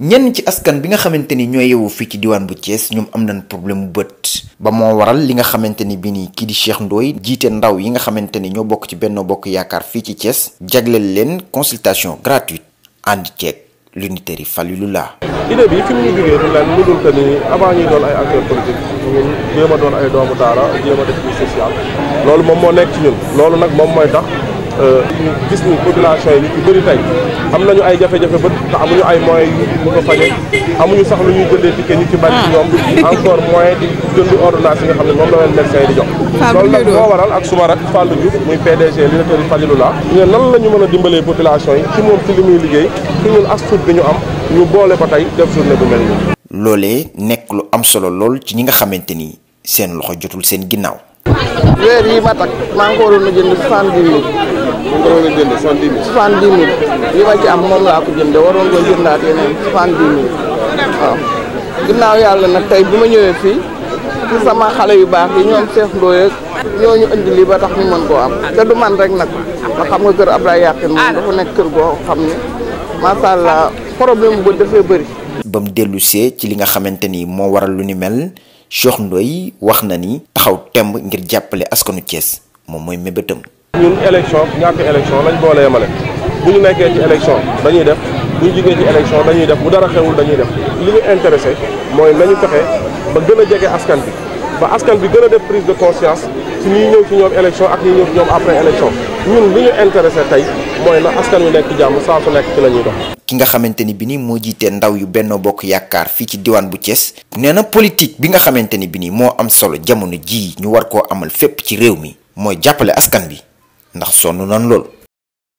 ñenn ci askan bi nga xamante ni ñoo yeewoo fii ci diwaan bu cees ñoom am na problème mu bët ba moo waral li nga xamante ni bi ni kii di Cheikh Ndoye jiite ndaw yi nga xamante ni ñoo bokk ci Benno Bokk Yaakaar fii ci Thiès jagleel leen consultation gratuite ànd ceeg l'unitaire yi Falilula. idée bi fi mu ñu jógee leen lu dul que ni avant ñuy doon ay acteurs politiques ñun jéem a doon ay doomu daara jéem def lu social loolu moom moo nekk ci ñun loolu nag moom ñu euh, gis ni am nañu ay jafe ay moyens yu ah. ne la ak suma rak Fallou Diouf muy PDG directeur nan la mën a dimbalee population yi ci moom ci li muy liggéey ci ñun bi ñu am ñu boole ko tey def journée mel nii nekk lu am solo lool ci ñi nga xamante ni seen loxo jotul seen ginnaaw weer yi ma takk maa ngi waroon a jënd soixante-dix li ma ci am moom laa ko jëndee waroon nga jëndaat yeneen soixante dix mille ginnaaw yàlla nag tey bi ma ñëwee fii ci sama xale yu baax yi ñoom Cheikh Ndoye ak ñooñu indi lii ba tax ñu mën koo am te du man rek nag nga xam nga kër Abdoulaye Yakhine moom dafa nekk kër goo xam ne macha allah problème bu dafee bëri. ba mu dellusee ci li nga xamante ni moo waral lu ni mel Cheikh Ndoye wax na ni taxaw temb ngir jàppale askanu Thiès moom mooy mébétam. ñun élection ñàkk élection lañ boole bu ñu nekkee ci élection dañuy def bu ñu ci élection dañuy def bu dara xewul dañuy def li ñu intéressé mooy def li ñu intéressé mooy na askan wi nekk jàmm saa su nekk ci la ñuy ki nga xamante ni bi ni moo jiitee ndaw yu Benno Bokk Yaakaar fii ci diwaan bu cees nee na politique bi nga xamante ni bi ni moo am solo jamono jii ñu war koo amal fépp ci réew mi mooy jàppale askan bi ndax sonn nan lool